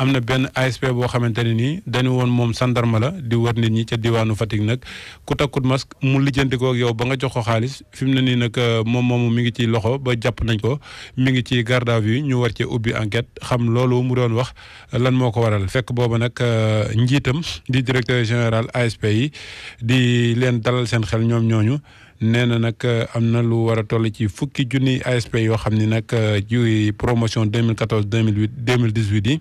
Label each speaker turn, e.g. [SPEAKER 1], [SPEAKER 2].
[SPEAKER 1] am na benn ASP boo xamante ne nii dañu woon moom sandarma la di war nit ñi ca diwaanu Fatick nag ku takkut masque mu lijjanti ko ak yow ba nga jox ko xaalis fi mu ne nii nag euh, moom moomu mi ngi ci loxo ba jàpp nañ ko mi ngi ci garde yi ñu war cee ubbi enquête xam loolu mu doon wax lan moo ko waral fekk booba nag euh, njiitam di directeur général ASP yi di leen dalal seen xel ñoom ñooñu. nee na nag euh, am na lu war a toll ci fukki junniy ASP yoo xam ni nag ji euh, promotion mille 2008 2018
[SPEAKER 2] yi